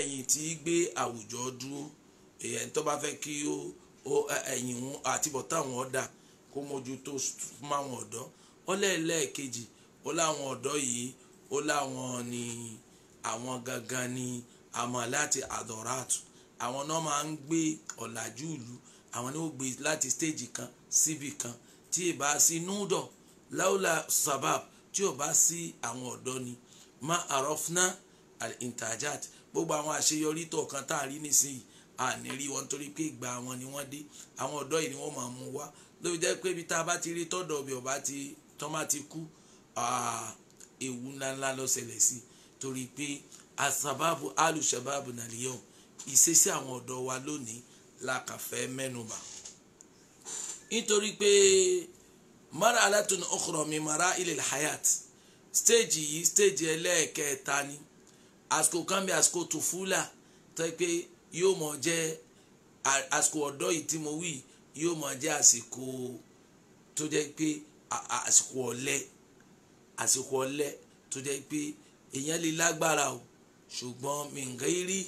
ẹ̀yìn tí gbé àwùjọ dúró èyàn tó bá fẹ́ kí ó ẹ̀yìn àtibọ̀ táwọn ọ̀dà kó mójútó fún àwọn ọ̀dọ́ ó lẹ́ẹ̀lẹ́ẹ̀kejì ó láwọn ọ̀dọ́ yìí ó láwọn ni àwọn gangan ni àmọ́ láti àdọ̀ràtù àwọn náà máa ń gbé ọ̀làjú ìlú àwọn ni ó gbé láti stéèjì kan síbì kan tí ì bá sí núdọ̀ láwùlà sabab tí ò bá sí àwọn ọ̀dọ́ ni ma arofna al gbogbo àwọn àṣeyọrí tọ̀ọ̀kan tá a rí nísìnyí àní rí wọn torí pé ìgbà wọn ni wọ́n dé àwọn ọ̀dọ́ yìí ni wọ́n máa mú wá lóbi jẹ́ pé ibi tá a bá ti rí tọ́dọ̀ ọbẹ̀ ọba ti tán bá ti kú ewu ńláńlá ló ṣẹlẹ̀ sí torí pé asababu alùsàbàbù nàlíyàn ìṣesí àwọn ọ̀dọ́ wa lónìí la kà nítorí pé mara alátùnú ọkọ̀rọ̀ mi mara ilẹ̀ hayat stage yìí stéèjì ẹlẹ́ẹ̀kẹta ni àsìkò kan bí àsìkò tòfúlà tó yẹ pé yóò mọ jẹ àsìkò ọ̀dọ́ yìí tí mo wí yóò mọ jẹ àsìkò tó jẹ pé àsìkò ọ̀lẹ àsìkò ọ̀lẹ tó jẹ pé èèyàn lè lágbára o ṣùgbọ́n mìngẹ́rì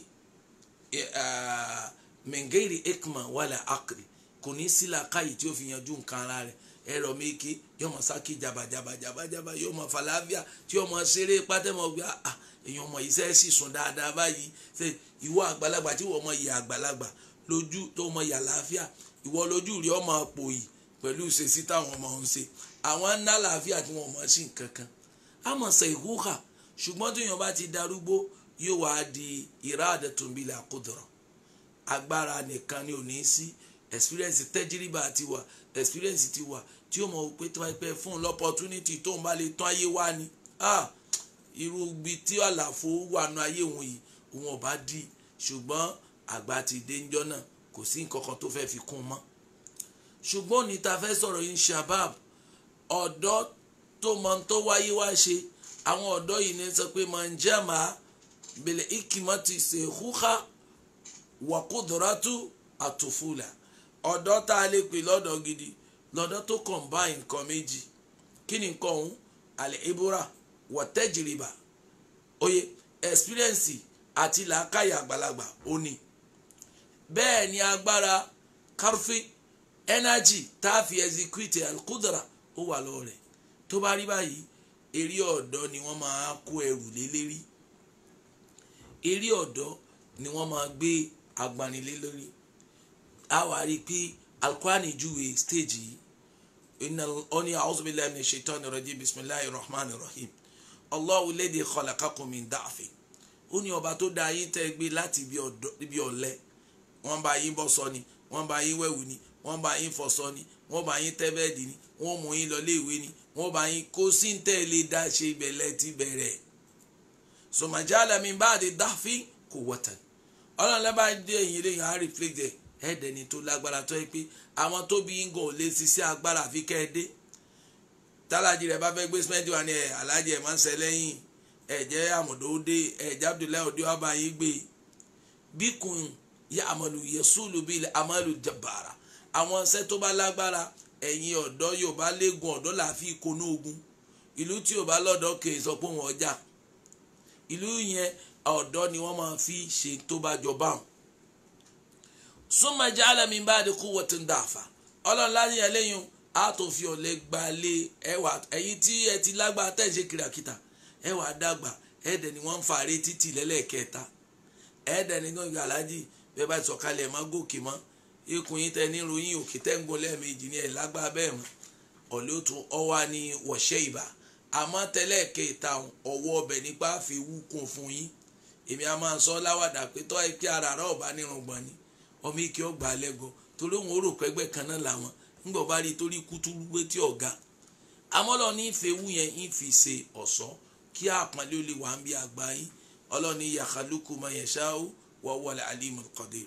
mìngẹ́rì ekman wàlà akiri kò ní sí làákàyè tí ó fi yanjú nǹkan ara rẹ̀ ẹ̀rọ méke yóò mọ sákì jabajaba jabajaba yóò mọ falafia tí yóò mọ ṣeré pátẹ́mọ gbé àà ah, èèyàn mọ iṣẹ́ sì sùn dáadáa báyìí ṣe ìwọ àgbàlagbà tí wọ́n mọ ìyá àgbàlagbà lójú tó mọ ìyá àlàáfíà ìwọ lójú rí ọmọ pòyì pẹ̀lú ìṣesí táwọn ọmọ ń ṣe àwọn ń ná àlàáfíà tí wọ́n mọ sí nǹkan kan àmọ̀ ṣe ìhóhà ṣùgbọ́n tó yàn bá ti darúgbó yóò wá di ìráàdẹ̀tùnbílà kúdọ̀rọ̀ agbára nìkan ni ò ní sí experience tẹ́jíríbà ti wà experience ti wà tí ó mọ̀ pé tí wọ́n pẹ́ fún un lọ́pọ̀tunítì tó ń bá lè tán ayé wá ni ah, irú ibi tí àlàfo wà nù ayé òun yìí òun ọba dì ṣùgbọ́n àgbà ti dé ńjọ́ náà kò sí nǹkan kan tó fẹ́ fi kún un mọ́ ṣùgbọ́n ní ta fẹ́ sọ̀rọ̀ yìí shabab ọ̀dọ́ tó mọ tó wáyé wá ṣe àwọn ọ̀dọ́ yìí ní sọ pé máa ń jẹ́ màá bèlè ìkìmọ́ ti ṣe húkà wàkúdùrátù àtòfúlà ọ̀dọ́ tá a lè pè lọ́dọ̀ gidi lọ́dọ́ tó combine nǹkan méjì kí ni nǹkan ọ̀hún àlẹ́ ibora wọ̀tẹ́jìrìbà oyè experience àti làákàyè àgbàlagbà ó ní bẹ́ẹ̀ ni agbára kárfí energy tá a fi execute alkudra ó wà lọ́wọ́ rẹ̀ tó bá rí báyìí eré ọ̀dọ́ ni wọ́n máa kó ẹrù lé lérí eré ọ̀dọ́ ni wọ́n máa gbé agbanilé lórí a wá rí i pé alukurani júwe stage yìí ó ní a'udhu billahi minash shaitani rajim bismillahir rahmanir rahim Allahu ladhi khalaqakum min da'fin ó ní ọba tó dá yín tẹ́ gbé láti ibi ọ̀lẹ wọ́n bá yín bọ́ sọ ni wọ́n bá yín wẹ̀wù ni wọ́n bá yín fọṣọ ni wọ́n bá yín tẹ́ bẹ́ẹ̀dì ni wọ́n mú yín lọ léèwé ni wọ́n bá yín kó sí ń tẹ̀lé dá ṣe ìbẹ̀lẹ̀ ti bẹ̀rẹ̀ sọmọjálẹ̀ mi bá di dáfín kò wọ̀tàn ọlọ́run lẹ́bàá dé èyí lè yàn á ẹ̀ẹ́dẹ̀ni tó lágbára tó yẹ pé àwọn tóbi yíngàn ò lè ṣiṣẹ́ agbára àfi kẹ́ ẹ dé tálájì rẹ̀ bá fẹ́ gbé símẹ́ǹtì wà ní ẹ̀ alájì ẹ̀ máa ń ṣe lẹ́yìn ẹ̀jẹ̀ àmọ̀dó dé ẹ̀jẹ̀ Abdullahi òde wa bá yín gbé bíkun yẹ àmọ̀lù yẹsùlù bíi àmọ̀lù jabara àwọn iṣẹ́ tó bá lágbára ẹ̀yin ọ̀dọ́ Yorùbá léegun ọ̀dọ́ làáfi ìkónú ogun ìlú tí Yorùbá lọ́dọ̀ kè é sọ pé wọ́n ọjà ìlú yẹn ọ̀dọ́ ni wọ́n máa fi ṣe tó bá jọba hàn súnmọ́ ẹja alẹ́mi bá di kú wọ́tí ń dàfà ọlọ́run láyé ẹlẹ́yìn a tó fi ọ̀lẹ́ gba lé ẹwà ẹ̀yìn tí ẹ ti lágbá tẹ̀sí kìràkìtà ẹwà dàgbà ẹ̀ẹ́dẹ̀ ni wọ́n ń fa aré títì lẹ́lẹ́kẹta ẹ̀ẹ́dẹ̀ ni gángan aláàjì bẹ́ẹ̀ bá ti sọ̀kalẹ̀ ẹ̀ má gòkè mọ́ ikùn yín tẹ ní ròyìn òkè tẹ́ ń gbọ́ lẹ́ẹ̀mejì ní ẹ̀ lágbá bẹ́ẹ̀ mọ́ ọ̀lẹ́ ó tún ọwá ní wọ̀ṣẹ́ ìbà ọmọ ike ọgbà alẹ́gọ torí òun ó rò pẹ́gbẹ́ kan náà làwọn ńgbọ̀ bá rí torí kútúrú gbé tí ọ̀gá amọ́lọ́ ní ìfẹ́wù yẹn ń fi ṣe ọ̀ṣọ́ kí àpọ́nlé ó lè wà ń bí àgbà yín ọlọ́ni yàkàlùkù mọ yẹn ṣá ó wọ́wọ́ alimu kọ́dé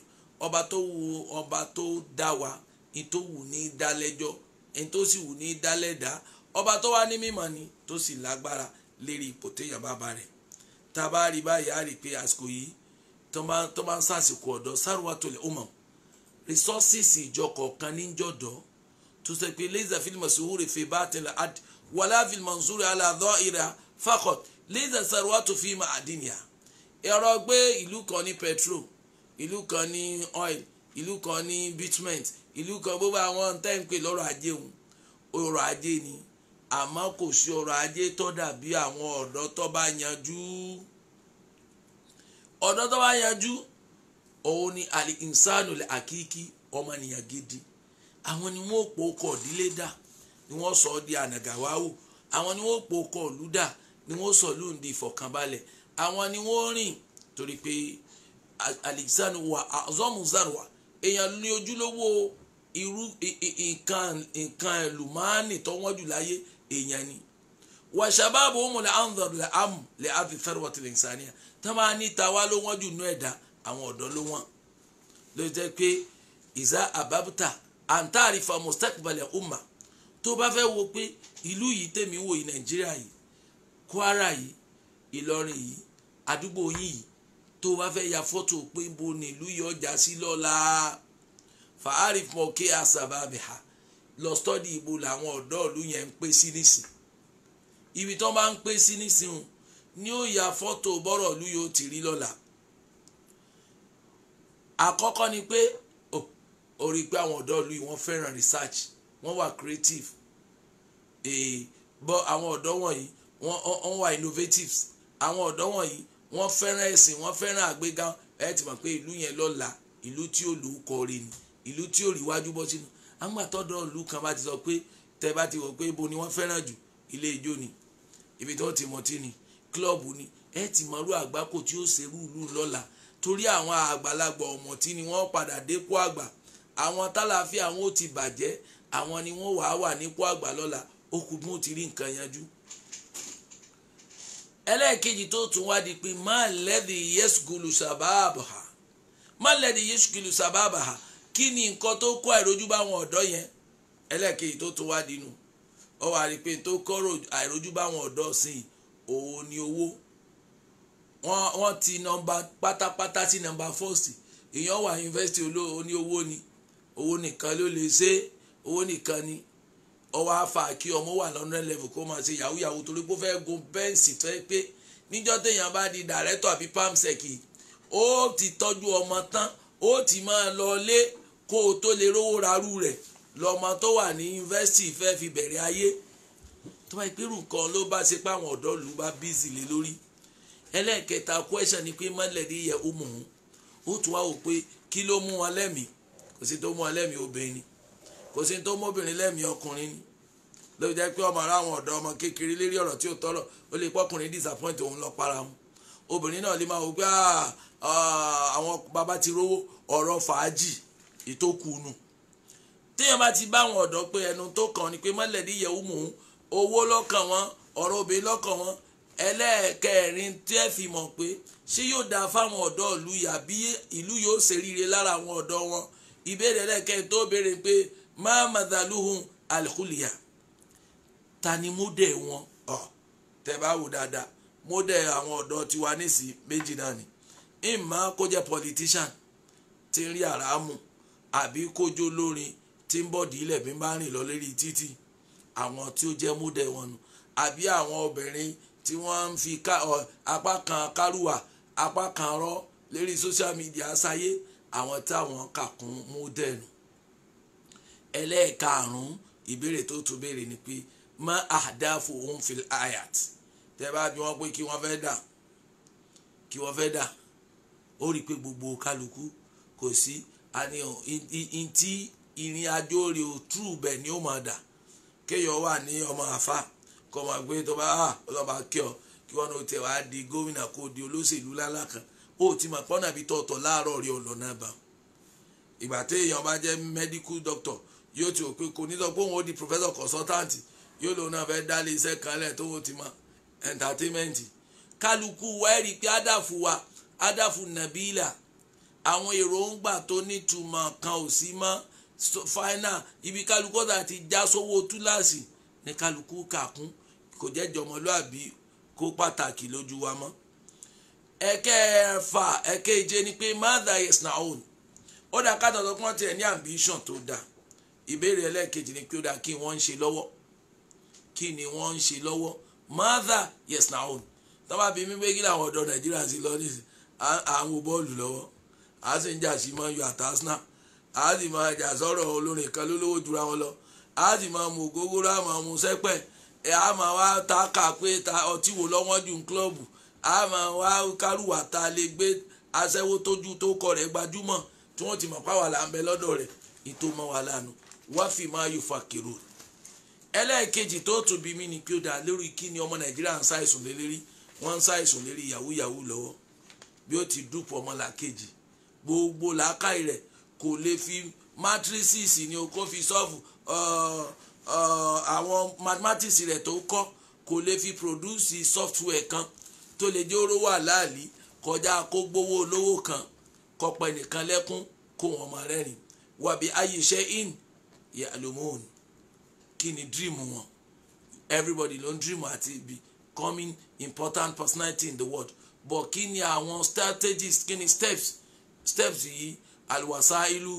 ọba tó wù ọba tó dá wa ní tó wù ní dálẹ́jọ́ ní tó sì wù ní dálẹ́dá ọba tó wà ní mímọ́ ni tó sì lágbára lérí ipò téèyàn bá ba rẹ̀ tá a bá rí báyìí á rí pé àsìkò yìí tó bá ń sàsìkò ọ̀dọ́ sárùwàtòlẹ̀ ọmọ resources ìjọ kọ̀ọ̀kan níjọ̀dọ̀ tó sọ pé lẹ́yìn àfihàn masuhuri fi bá tẹ̀lé ad wàlá àfihàn mansouri aláàdọ́ ìrà fakọt lẹ́yìn sárùwàtò fi mà àdínìyà ẹ̀rọ gbé ìlú kan ní petrol ìlú kan ní oil ìlú kan ní bitumen ìlú kan gbogbo àwọn tẹ́ ń pè lọ́rọ̀ ajé òun ọrọ̀ ajé ni àmọ́ kò sí ọrọ̀ ajé tó dàbí àwọn ọ̀dọ́ tó bá yanjú. ọ̀dọ́dọ́ ayanjú òun ni àlè ìsánù àkíkí ọmọnìyàn gidi àwọn ni wọ́n pò kọ dà ni sọ di ànàgàwáwò àwọn ni wọ́n pò kọ ìlú dà ni wọn sọ ìlú di ìfọ̀kànbalẹ̀ àwọn ni wọn rìn torí pé àlè ìsánù wà èèyàn ní ojúlówó irú nǹkan ẹlòmánì wa shababu hum la anzar la am li adi tharwati linsaniya tọ́mà ní tàwa ló wọ́n jù nú ẹ̀dá àwọn ọ̀dọ́ ló wọ́n ló jẹ́ pé ìzá àbábútà àǹtàrífà mustaqbalẹ̀ umma tó bá fẹ́ wo pé ìlú yìí tèmi wò yìí nàìjíríà yìí kwara yìí ìlọrin yìí àdúgbò yín yìí tó bá fẹ́ ya fọ́tò pé bo ni ìlú yìí ọjà sí lọ́la fàárìfọ̀kẹ́ àṣàbàbẹ̀hà lọ stọ́dì ìbò làwọn ọ̀dọ́ ìlú yẹn ń pè sí nísìnyí ibi tó bá ń pè sí nísìnyí ni ó ya fọ́tò bọ́rọ̀ ìlú yóò ti rí lọ́la àkọ́kọ́ ni pé ó rí i pé àwọn ọ̀dọ́ ìlú yìí fẹ́ràn research wọ́n wà creative èè bọ́ àwọn ọ̀dọ́ wọ̀nyí wọ́n wà innovatives àwọn ọ̀dọ́ wọ̀nyí wọ́n fẹ́ràn ẹ̀sìn wọ́n fẹ́ràn àgbéga ẹ ti mọ̀ pé ìlú yẹn lọ́la ìlú tí ó lù ú kọ rí ni ìlú tí ó rí iwájú bọ́ sínú àwọn àtọ́dọ̀ ìlú kan bá ti sọ pé tẹ bá ti wọ̀ pé ibo ni wọ́n fẹ́ràn jù ilé ijó ni ibi tó ti mọtí ni klọ́ọ̀bù ni ẹ ti mọ̀rú àgbákò tí ó ṣerú ìlú lọ́la torí àwọn àgbàlagbà ọ̀mọ̀tí ni wọ́n padà dépò àgbà àwọn tálàáfíà wọn ó ti bàjẹ́ àwọn ni wọ́n wàá wà nípò àgbà lọ́la ó ti rí nǹkan yanjú. ẹlẹ́ẹ̀kejì tó tún wá di pé má lẹ́dí yẹ́sùkúlù sábàbà má lẹ́dí yẹ́sùkúlù sábàbà kí ni nǹkan tó kó àìrójú bá àwọn ọ̀dọ́ yẹn ẹlẹ́ẹ̀kejì tó tún wá di nù ọ wá rí i pé tó kọ́rọ̀ àìrójú báwọn ọ̀dọ́ sí i òun ni owó wọ́n ti nọ́mbà pátápátá sí nọ́mbà fọ́ọ̀sì èèyàn wà yunifásitì olówó ní owó ni owó nìkan ló lè ṣe owó nìkan ni ọwọ́ afa kí ọmọ wà lọ́nà level kó máa ṣe yahoo yahoo torí pé ó fẹ́ gun bẹ́ǹsì tó pé níjọ́ téèyàn bá di dàrẹ́tọ̀ àbí pamsec ó ti tọ́jú ọmọ tán ó ti máa lọ lé kó o tó lè rówó rarú rẹ̀ lọ́mọ tó wà ní yunifásitì fẹ́ fi bẹ̀rẹ̀ ayé tó bá ìpérù kan ló bá ṣe pé àwọn ọ̀dọ́ lù bá bízì lé lórí ẹlẹ́ẹ̀kẹta question ni pé mọ́lẹ̀dí yẹ ó mọ̀ ọ́n ó tún wá wò pé kí ló mú wọn lẹ́mìí kò sí tó mú wọn lẹ́mìí obìnrin kò sí tó mú obìnrin lẹ́mìí ọkùnrin ni ló fi jẹ́ pé ọmọ ará àwọn ọ̀dọ́ ọmọ kékeré lérí ọ̀rọ̀ tí ó tọ́lọ̀ ó lè pọ́kùnrin disappoint òun lọ para mu obìnrin náà lè máa wò pé ah, ah, àwọn baba ti rówó ọ̀rọ̀ fàájì ìtókùnù téèyàn bá ti bá àwọn ọ̀dọ́ pé ẹnu tó kàn ni pé mọ́lẹ̀dí yẹ̀wò mò ń owó lọ́kàn wọn ọ̀rọ̀ obìnrin lọ́kàn wọn ẹlẹ́ẹ̀kẹrin tẹ́ fi mọ̀ pé ṣé yóò dáa fáwọn ọ̀dọ́ ìlú yà bí ìlú yóò ṣe ríire lára àwọn ọ̀dọ́ wọn ìbéèrè ẹlẹ́ẹ̀kẹrin tó béèrè pé má màdàlúhùn alikuliya ta ni módẹ̀ wọn ọ̀ tẹ́ bá wò dáadáa módẹ̀ àwọn ọ̀dọ́ tiwa nísìí méjì náà ni ìmọ̀ kó jẹ́ politician ti ń rí àràámu àbí kó jó lórin tí ń bọ̀dì ilẹ̀ bí ń bá rìn lọ lérí títì àwọn tí ó jẹ́ múdẹ wọn nu àbí àwọn obìnrin tí wọ́n ń fi apá kan kárùwà apá kan rọ́ lérí social media sáyé àwọn táwọn kà kún múdẹ nu. ẹlẹ́ẹ̀karùn-ún ìbéèrè tó tún béèrè ni pé má àdáfò òun fi ayat tẹ́ bá bí wọ́n pé kí wọ́n fẹ́ dà kí wọ́n fẹ́ dà ó rí i pé gbogbo kálukú kò sí àníyàn ntí ìrìn àjò rẹ̀ ò tú bẹ̀ ni ó máa dà kéèyàn wà ní ọmọ àfa kọ́ máa gbé tó bá hà ah, kí ọ kí wọ́n náà tẹ̀ wá di gómìnà kó di olóṣèlú lálá kan ó ti mọ̀ pọ́nà bí tọ̀tọ̀ láàárọ̀ rẹ̀ ọ̀lọ́nà bá ìgbà téèyàn bá jẹ́ medical doctor yóò ti rò pé kò ní sọ pé òun ó di professor consultant yóò lòun náà fẹ́ẹ́ dálé iṣẹ́ kan lẹ̀ tó ti mọ entertainment kálukú wa ẹ̀ rí i pé ádàfù wa ádàfù nàbílà àwọn èròǹgbà tó nítumọ̀ kan ò sí mọ́ final ibi kálukú ọ̀dà ti já sówó túláàsì ní kálukú kàkún kò jẹ́ jọmọlúàbí kó pàtàkì lójú wa mọ́ ẹ̀kẹfà ẹ̀keje ni pé mother is na own ó dá ká tọ̀tọ̀ kí wọ́n tiẹ̀ ní ambition tó dá ìbéèrè ẹlẹ́ẹ̀kejì ni pé ó dá kí wọ́n ń ṣe lọ́wọ́ kí ni wọ́n ń ṣe lọ́wọ́ mother yes na own tó bá bí mímú kí làwọn ọ̀dọ́ nàìjíríà sí lọ nísìnyí à ń wo bọ́ọ̀lù lọ́wọ́ à sì ń jà sí mọ́ yọ àtàsínà a ma máa jà olórin kan lólówó jura wọn lọ a ma mu mú ama a máa mú sẹ́pẹ̀ a ta kakpe ta ọtí wò lọ́wọ́n ju kílọ̀bù a máa wá ta lè gbé aṣẹ́wó tójú tó kọ rẹ̀ gbajúmọ̀ tí wọ́n ti mọ̀ pá wà là ń bẹ lọ́dọ̀ rẹ̀ ìtò mọ́ wà lánàá wá fi máa yọ kero ẹlẹ́ẹ̀kejì tó tún bí mí ni kí ó dá lórí kí ni ọmọ nàìjíríà ń ṣàìsùn lé lérí wọ́n ń ṣàìsùn lérí yahoo yahoo lọ́wọ́ bí ó ti dúpọ̀ ọmọ làkejì gbogbo làákàyè rẹ̀ kò lè fi matrices ni o kó fi sọ́ọ̀fù uh, uh, àwọn mathematics rẹ̀ tó kọ́ kò lè fi produce software kan tó lè jẹ́ oró wà láàlí kọjá kó gbowó olówó kan kọpọ̀ ẹnìkan lẹ́kún kó wọn mọ̀ rẹ́rìn wàbí ayé iṣẹ́ in ya'lamun kí ni dream wọn everybody ló ń dream àti becoming important personality in the world but kí ni àwọn strategies kí ni steps steps yìí alwasailu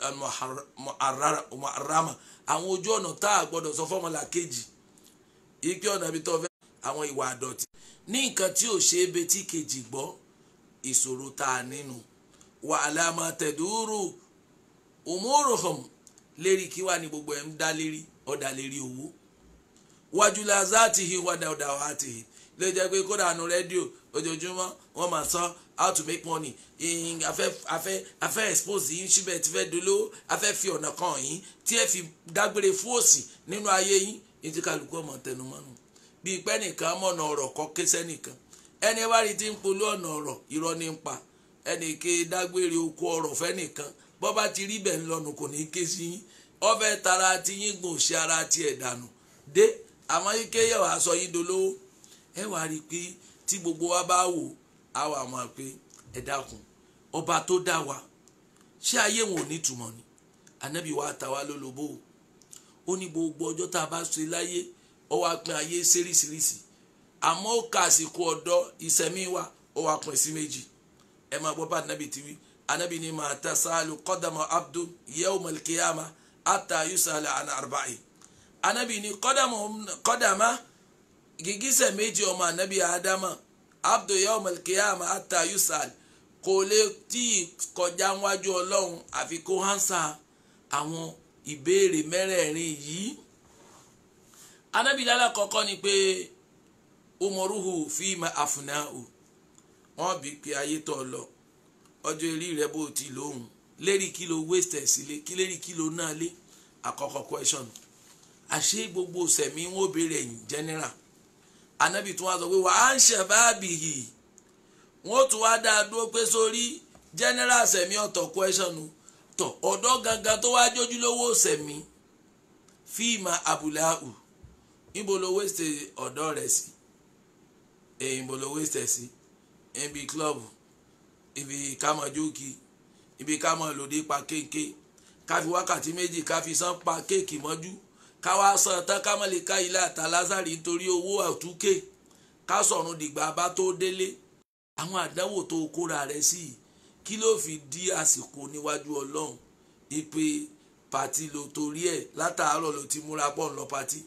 almuharrama àwọn ojú ọ̀nà tá a gbọ́dọ̀ sọ fọ́mọlà kejì ike ọ̀nà ibi tó fẹ́ àwọn ìwà àdọ̀tí ní nǹkan tí ò ṣe é betí kejì gbọ́ ìṣòro tá a nínú wà aláàmà tẹ̀dúrù òmùrùhàn lérí kí wà ní gbogbo ẹ̀ ń dá lérí ọ̀dà lérí owó wájú lazati hi wádà ọ̀dà wàá tìhìn ló jẹ́ pé kódà nu rédíò ojoojúmọ́ wọ́n máa sọ how to make money ìyìn afẹ́ afẹ́ afẹ́ expose yín síbẹ̀ tí fẹ́ dolówó afẹ́ fi ọ̀nà kan yín tí ẹ fi dágbére fún òsì nínú ayé yín ní ti kálukú ọmọ tẹnumọ́nù bíi pẹ́ nìkan mọ̀nà ọ̀rọ̀ kọ́ késẹ́ nìkan ẹni wá rí ti ń polú ọ̀nà ọ̀rọ̀ irọ́ ní ń pa ẹnì ke dágbére oko ọ̀rọ̀ fẹ́ nìkan bọ́ bá ti rí bẹ́ẹ̀ ńlọnù kò ní ké sí yín ọ̀fẹ́ tara ti yín gùn ara ti ẹ̀ dànù dé àmọ́ yín ké yẹ̀ wá sọ yín dolówó ẹ wá rí i pé tí gbogbo wa bá wò á wà mọ̀ pé ẹ dákun ọba tó dá wa ṣé ayé wọn ò ní túmọ̀ ni ànábì wa ta wa lólobó ó ní gbogbo ọjọ́ tá a bá ṣe láyé ó wá pín ayé séríṣiríṣi àmọ́ ó ka àsìkò ọ̀dọ́ ìsẹ̀mí wa ó wá pín sí méjì ẹ máa gbọ́ bá ànábì ti wí ànábì ni màá ta sáàlù kọ́dàmọ́ abdu yawmal qiyamah àtà yusala àná àrùbáyé ànábì ni kọ́dàmọ́ kọ́dàmọ́ gìgísẹ̀ méjì ọmọ ànábì ádámà abdu yawm al-qiyamah ata yusal kò lè tí ì kọjá wájú ọlọ́run àfi kó hánsà àwọn ìbéèrè mẹ́rẹ̀ẹ̀rin yìí ànábì lálẹ́ kọ́kọ́ ni pé umoruhu fíìmà àfúnáhù wọ́n bí pé ayé tọ̀ lọ ọjọ́ eré rẹ̀ bó ti lóhùn lérí kìlò waste sílé lérí kìlò náà lé àkọ́kọ́ question àṣé gbogbo sẹ̀mí ń wò béèrè in general anabi tún wá sọ pé wà á ń ṣe báàbì yìí wọ́n tún wá dáa dúró pé sórí general sẹ̀mí ọ̀tọ̀ question tọ̀ ọ̀dọ́ gangan tó wáá jójúlówó sẹ̀mí fíìmà abùláhù níbo ló wéṣẹ̀ ọ̀dọ́ sí èyí níbo sí ibi club ibi kámọ́júkì ibi kamalodi pa kéèké káfi wákàtí méjì káfi sán pa kéèkì mọ́jú káwa san tán ká má lè ká ilé àtàlázàrí nítorí owó àtúkè ká sọ̀run dìgbà bá tó délé àwọn àdánwò tó kóra rẹ̀ sí i kí ló fi di àsìkò níwájú ọlọ́run ìpè pàtí ló torí ẹ̀ látàárọ̀ ló ti múra pọ̀ ńlọ pàtí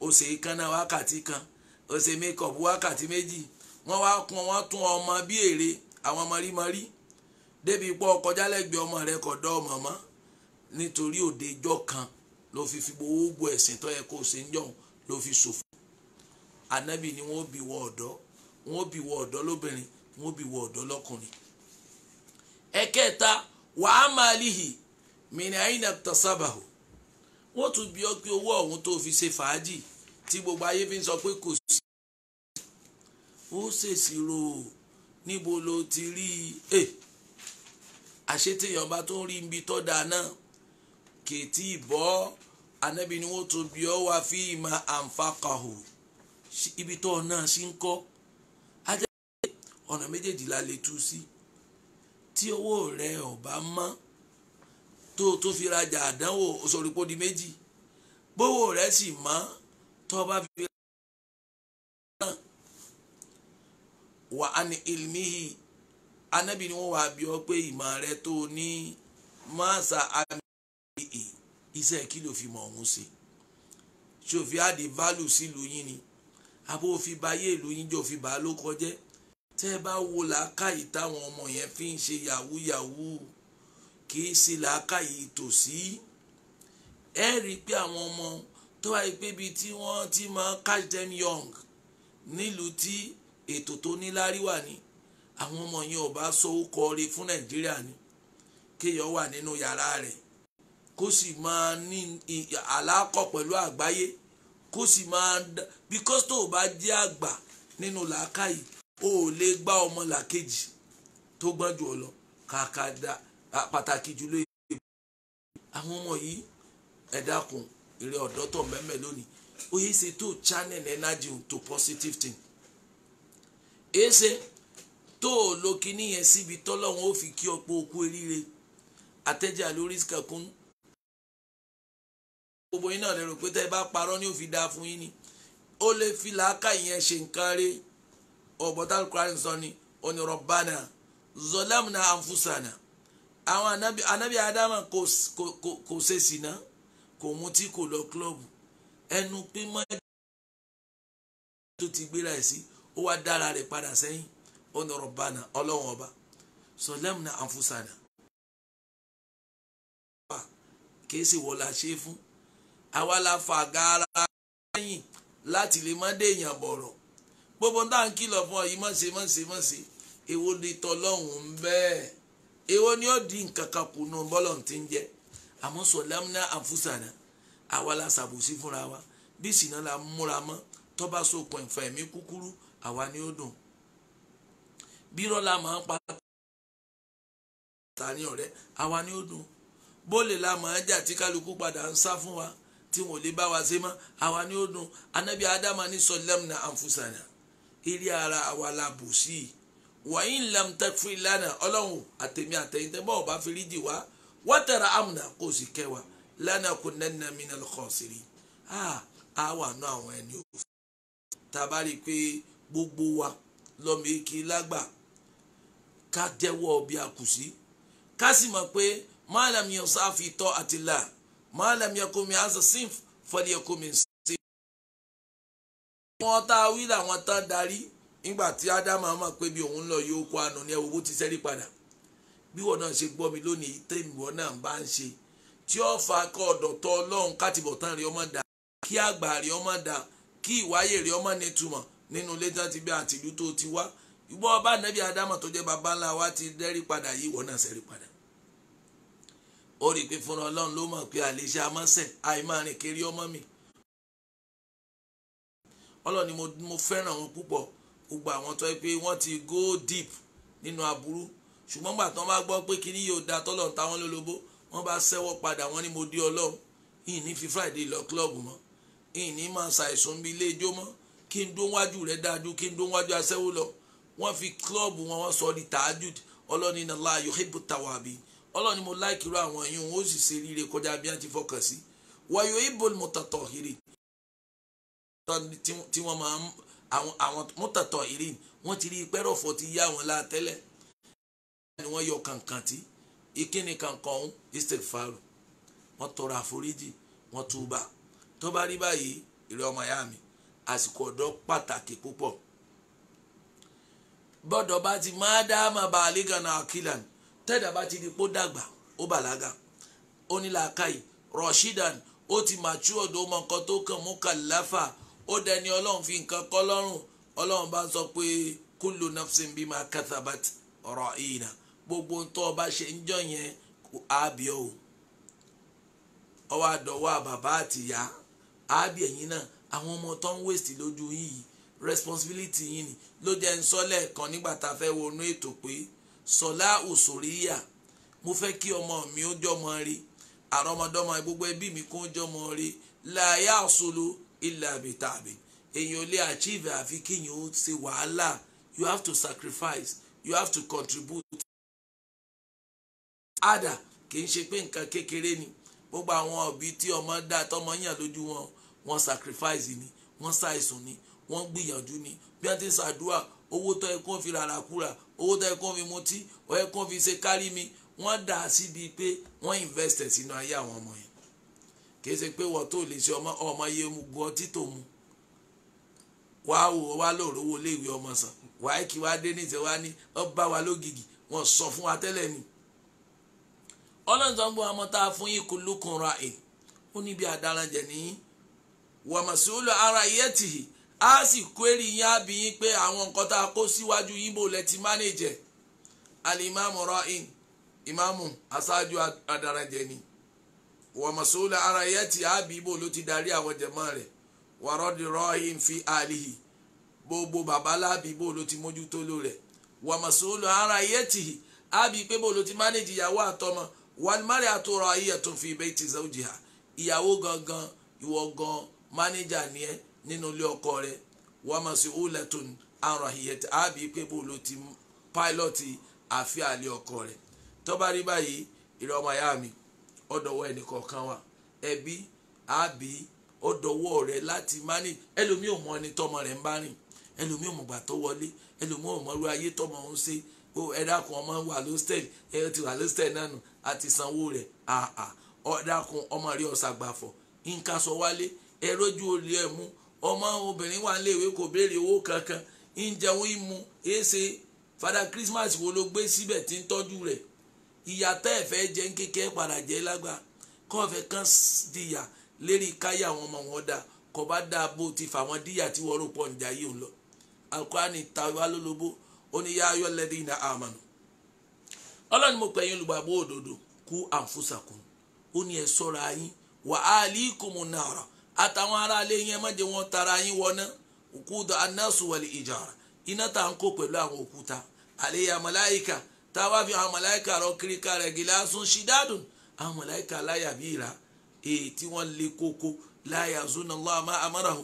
ó ṣe kánná wákàtí kan ó ṣe mékọ̀pù wákàtí méjì wọ́n wá kún wọ́n tún ọmọ bí èrè àwọn mọ̀rímọ̀rí débi pọ́ kọjá lẹ́gbẹ̀ẹ́ ọmọ rẹ̀ kọ̀dọ́ ọmọ nítorí òde kan Lo fi fi gbogbo ẹ̀sìn tó yẹ kó ṣe ń jọ̀hún ló fi ṣòfò ànábì ni wọ́n bí wọ ọ̀dọ́ wọ́n bí wọ ọ̀dọ́ lóbìnrin wọ́n bí wọ ọ̀dọ́ lọ́kùnrin ẹ̀kẹta wàá máa lìhì mìíràn àyìnà tasabahu wọ́n tún bí ọ pé owó ọ̀hún tó fi ṣe fàájì tí gbogbo ayé fi ń sọ pé kò sí ó ṣèṣirò níbo ló ti rí i àṣetéyàn tó ń rí ibi tó dáa náà kètì bọ́ anabi ni wọ́n tún bí ọ wá fi ma anfaqahu ibi tó náà ṣì ń kọ́ ajá ọ̀nà méjèèjì la lè tú sí tí owó rẹ ò bá mọ́ tó tó fi rajà àdánwò òṣòrìpó di méjì bówó rẹ sì mọ́ tó bá fi rajà náà wà á ní ilmihi anabi ni wọ́n wá bí ọ pé ìmọ̀ rẹ tó ní máa sa àmì iṣẹ́ kí ló fi mọ̀ ọ̀hún ṣe ṣó fi value sílùú yín ni àbó fi ba ayé ìlú yín jọ fi bà á ló kọjẹ́ tẹ́ ẹ bá wo làákàyè táwọn ọmọ yẹn fi ń ṣe yahoo yahoo kì í ṣe làákàyè tòsí ẹ rí i pé àwọn ọmọ tó wáyé pé ibi tí wọ́n ti máa catch them young nílùú tí ètò tó níláárí wà ní àwọn ọmọ yẹn ò bá sọ ó kọ ore fún nàìjíríà ni kéèyàn wà nínú yàrá rẹ̀ kó sì máa ní àlákọ̀ pẹ̀lú àgbáyé kó sì máa because tó o bá jẹ́ àgbà nínú làákàyè o ò lè gbá ọmọ làkejì tó gbọ́n jù ọ lọ kàkà da pàtàkì jùlọ èyí àwọn ọmọ yìí ẹ dákun ìrẹ mẹ́mẹ́ lónìí ó yẹ ṣe tó channel energy to positive thing èyí ṣe tó o lo kinní yẹn síbi tọ́lọ́run ó fi kí ọ pé okú eríire atẹ́jà lórí ìsìkàkùn gbogbo yín náà lérò pé tẹ́ ẹ bá parọ́ ni ó fi dáa fún yín ni ó lè fi làákà yẹn ṣe nǹkan rí ọ̀bọ̀tà kúrẹ́ǹ sọ ni onírọ̀bánà zọlámùnà ànfúsànà àwọn anábì adama kò ṣe sìnà kò mutí kò lọ kílọ̀bù ẹnu pé mọ́ẹ́dá tó ti gbéra ẹ̀ sí ó wá dára rẹ̀ padà sẹ́yìn onírọ̀bánà ọlọ́wọ́n ọba zọlámùnà ànfúsànà kì í sì wọ́n la ṣe fún àwa la fàgà ara lẹ́yìn láti lè má dé èèyàn bọ̀rọ̀ gbogbo tá à ń kìlọ̀ fún ọ yìí má ṣe má ṣe má ṣe èwo ni tọlọ́hún ń bẹ́ẹ̀ èwo ni ó di nǹkan kan kù nù bọ́lọ̀ ti ń jẹ́ àmọ́ sọ̀lámúná àfúsànà àwa la ṣàbòsí fúnra wa bí ìsìnà la múra mọ́ tó bá sokùn ẹ̀fọ́ ẹ̀mí kúkúrú àwa ni ó dùn bírọ́ la máa ń pa ta ọ̀rẹ́ àwa ni ó dùn bólè la máa ń jà tí kálukú padà ń sá fún wa tí wọn ò lè bá wa ṣe mọ́ àwa ni ó dùn anabi adama ní sọlẹ́mùnà ànfúsànà eré ara àwa la bù sí i wàyí lam tẹ́fù ìlànà ọlọ́run àtẹ̀mí àtẹ̀yìntẹ́ bọ́ọ̀ bá fi rí jì wá wọ́n tẹ̀ra amúnà kò sì kẹ́ wa lánà kò nẹ́nà mí nà lọ́kọ̀ sírí a wà nù àwọn ẹni òfin tabari pé gbogbo wa lọ́mọ èkì lágbà ká jẹ́wọ́ bí a kù sí ká sì mọ̀ pé máàlámì ọ̀sá fi tọ́ àti láà ma lam yakun min hadha sinf falyakun min sinf. wọ́n tá a wí làwọn tán darí nígbà tí ádámà mọ̀ pé bí òun lọ yóò kó àánú ní ẹ̀wò bó ti sẹ́rí padà bí wọ́n náà ṣe gbọ́ mi lónìí tèmi wọ́n náà bá ń ṣe tí ó fa kọ́ ọ̀dọ̀ tọ́ ọlọ́run kátìbọ̀ tán rí ọmọ dà kí àgbà rí ọmọ dà kí ìwáyé rí ọmọ nítumọ̀ nínú ilé tán ti bí àtìlú tó ti wá ìwọ ọba nàbí ádámà tó jẹ́ baba ńlá wa ti dẹ́rí padà yìí wọ́n náà sẹ́rí padà ó rí i pé fúnra ọlọ́run ló mọ̀ pé àlejò amọ́sẹ̀ àìmọ́rin kiri ọmọ mi ọlọ́run ni mo fẹ́ràn wọn púpọ̀ gbogbo àwọn tó yẹ pé wọ́n ti go deep nínú aburú ṣùgbọ́n gbà tán bá gbọ́ pé kíní yóò da tọ́lọ̀ ń lólobó wọ́n bá sẹ́wọ́ padà wọ́n ní mo di ọlọ́run yìí ní fi friday lọ club mọ́ yìí ní máa ṣàìsùn bí ilé ijó mọ́ kí n dún wájú rẹ̀ dájú kí n dún wájú aṣẹ́wó lọ wọ́n fi club wọn wọ́n sọ di tààjùd ọlọ́ni nàlá yuhibbu tàwàbí ọlọ́run ni mo láìkì irú àwọn yìí wọn ó sì ṣe rire kọjá bí wọ́n ti fọkàn sí wọ́yọ̀ ibo mọ̀tàtọ̀ hìrì tí wọ́n máa ń àwọn mọ̀tàtọ̀ hìrì wọ́n ti rí pẹ́rọ̀fọ̀ ti yá wọn látẹ́lẹ̀ ni wọ́n yọ kàǹkàn tí ìkíni kàǹkàn ọ̀hún istighfaru wọ́n tọrọ àforíjì wọ́n túbà tó bá rí báyìí ìrẹ́ ọmọ ìyá mi àsìkò ọ̀dọ́ pàtàkì púpọ̀ bọ́dọ̀ bá ti máa dá máa bá àlígànnà àkìlànì tẹ́dà bá ti di pó dàgbà ó bàlágà ó ní làákàyè rọ̀ṣídàn ó ti màtú ọ̀dọ̀ ọmọ nǹkan tó kàn mú kàláfà ó dẹni ọlọ́run fi nǹkan kọ́ lọ́rùn ọlọ́run bá ń sọ pé kullu nafsin bima kathabat ra'ina gbogbo ń tọ́ ọba ṣe ń jọ yẹn àbí o ọwọ́ àdọ̀wọ́ àbàbá àtìyá àbí ẹ̀yìn náà àwọn ọmọ tó ń wèsì lójú yìí responsibility yìí ni ló jẹ́ ń sọ lẹ́ẹ̀kan nígbà tá a fẹ́ wọnú ètò pé sọlá òṣòríyà mo fẹ́ kí ọmọ mi ó jọmọ rí àrọmọdọ́mọ gbogbo ẹbí mi kó jọmọ rí láyé àṣolo ilẹ̀ àbítàbí èyàn ò lè achieve àfi kéèyàn ó ṣe wàhálà you have to sacrifice you have to contribute. ada kì í ṣe pé nǹkan kékeré ni gbogbo àwọn òbí tí ọmọ dá tọmọ yàn lójú wọn wọn sacrifice ni wọn ṣàìsùn ni wọn gbìyànjú ni bí wọn ti ṣàdúrà owó tó yẹ kán fi ràràkúrà owó tó yẹ kán fi mutí ó yẹ kán fi ṣe kárí mi wọ́n dà á síbi pé wọ́n invest sínú ayé àwọn ọmọ yẹn kìí ṣe pé wọ́n tó lè ṣe ọmọ ọmọ yẹn mu gbọ́ títò mu wá wò wá lóòrò owó léèwé ọmọ sàn wá kí wá dé níṣẹ́ wá ní ọba wa lógìgì wọ́n sọ fún wa tẹ́lẹ̀ ni ọlọ́run tó ọmọ tá a fún yín kullukum ra'in ó ní bí adarajẹ nìyí wa mas'ulu an ra'iyatihi a sì kwérì yín àbí yín pé àwọn nǹkan tá a kó síwájú yín bò lẹ ti mánéjẹ alimami ra'in imamu aṣáájú adarajẹ ni wa masula ara yẹ ti àbí bò ló ti darí àwọn jẹmọ́ rẹ̀ wa rọdi fi alihi gbogbo bàbá láàbí bò ló ti mójútó ló rẹ̀ wa masula ara yẹ ti àbí pé bò ló ti mánéjì ìyàwó àtọmọ walimari àtọrọ ayé ẹtùn fi bayti zawjiha ìyàwó gangan ìwọ gan mánéjà ni ẹ nínú ilé ọkọ rẹ̀ wọ́n máa ṣe ulatun arahiyẹtẹ àbí pé bó ló ti pálọ̀tì àfíà ilé ọkọ rẹ̀ tó bá rí báyìí ìrọ̀ ọmọ àyà mi ọ̀dọ̀wọ́ ẹnìkọ̀ọ̀kan wa ẹbí àbí ọ̀dọ̀wọ́ rẹ̀ láti má ní ẹlòmíì ò mọ ẹni tọmọ rẹ̀ ń bá rìn ẹlòmíì ò mọ gbà tó wọlé ẹlòmíì ò mọ irú ayé tọmọ ń ṣe ó ẹdákun ọmọ wà lóstẹ̀lì ẹ ti wà lóstẹ̀lì náà nù àti sanwó rẹ̀ àà ọ̀dákun ọmọ rẹ̀ ọ̀sàgbàfọ̀ nǹkan sọ wálé ẹ rójú olè ẹ̀ mú ọmọ obìnrin wà léèwé kò béèrè owó kankan ń jẹun ìmú fada krismas wo ló gbé síbẹ̀ tí ń tọ́jú rẹ̀ ìyá tẹ́ ẹ̀ fẹ́ jẹ́ ń kékeré padà jẹ́ lágbà kọ́ọ̀fẹ́ kan dìyà lérí káyà àwọn ọmọ wọn dà kọ́ bá dáa bó ti fà wọ́n díyà tí wọ́n rò pọ̀ níjà yìí ń lọ ó ní yá ayọ́ lẹ́dí iná àmàlù ọlọ́ni mo pẹ̀yìn olùgbàgbọ́ kú ó ní sọ́ra àtàwọn aráalé yẹn má jẹ́ wọn tara yín wọná òkúta anáṣu wal ìjàrà iná tá à ń kó pẹ̀lú àwọn òkúta àléyà màláìka tá a wá fi àwọn màláìka rọ kiri ká rẹ̀ gíláàsùn ṣídádùn àwọn màláìka láyà bí ìrà èyí tí wọ́n lé kókó láyà zúnà lọ́wọ́ àmọ́ àmọ́ràn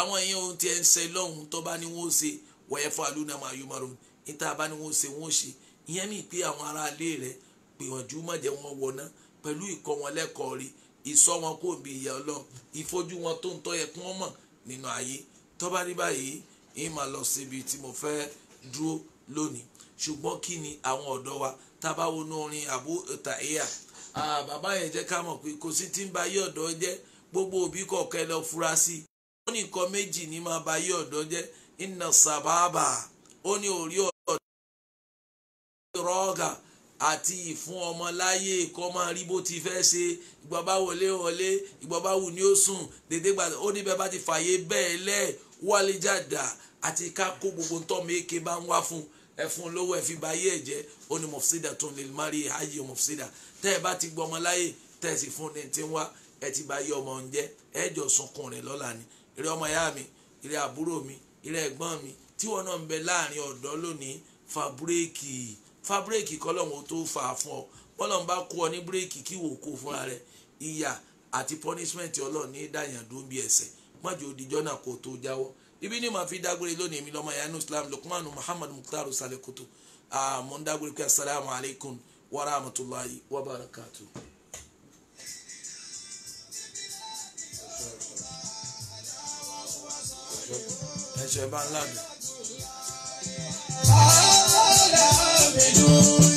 àwọn èèyàn ohun tí ẹ ń ṣe lọ́hùn tó bá ní wọ́n ṣe wọ́yẹ fún alúna máa yọ márùn níta bá ní wọ́n ṣe wọ́n ṣe ìyẹn mi pé àwọn aráalé rẹ̀ pè wọ́n wọn wọná pẹ̀lú ìkọ́ wọn lẹ́kọ̀ọ́ rí ìsọ wọn kò bí ìyà ọlọ́run ìfojú wọn tó ń tọ́ yẹ kí wọ́n mọ̀ nínú ayé tó bá rí báyìí ń máa lọ síbi tí mo fẹ́ dúró lónìí ṣùgbọ́n kí ni àwọn ọ̀dọ́ wa tá a bá wọnú orin àbú ìtàhíyà bàbá yẹn jẹ́ ká mọ̀ pé kò sí tí ń ba ayé ọ̀dọ́ jẹ́ gbogbo òbí kọ̀ọ̀kan lọ fura sí i ó ní nǹkan méjì ní máa ba ayé ọ̀dọ́ jẹ́ iná sábàbà ó ní orí ọ̀dọ́ rọ́ọ̀gà àti ìfún ọmọ láyé kọ́ máa rí bó ti fẹ́ ṣe ìgbà bá wọlé wọlé ìgbà bá wù ní ó sùn dédé gbà ó níbẹ̀ bá ti fàyè bẹ́ẹ̀ lẹ̀ wálé jàdà àti ká kó gbogbo ntọ́ méke bá ń wá fún ẹ fún lówó ẹ fi ba ayé ẹ jẹ ó ní mọ̀físídà tó lè má rí ayé mọ̀físídà tẹ́ ẹ bá ti gbọ́ ọmọ láyé tẹ́ ẹ sì fún ní ti ń wá ẹ ti ba ayé ọmọ ń jẹ ẹ jọ sunkún rẹ lọ́la ni eré ọmọ ìyá mi eré àbúrò mi eré ẹ̀gbọ́n mi tí wọn náà ń bẹ láàrin ọ̀dọ́ lónìí fa búrékì fa bírèkì kọlọ́hún tó fà fún ọ bọ́lọ́hún bá kó ọ ní bírèkì kí wò kó fúnra rẹ ìyà àti punishment ọlọ́run ní dàyàn dún bí ẹsẹ̀ májò òdìjọ́ náà kó tó jáwọ́ ibi ni màá fi dágbére lónìí mi lọ́mọ yanu islam lukman salekoto ń dágbére pé asalaamu alaykum wa rahmatulahi wa barakatu. ẹ ṣe bá you.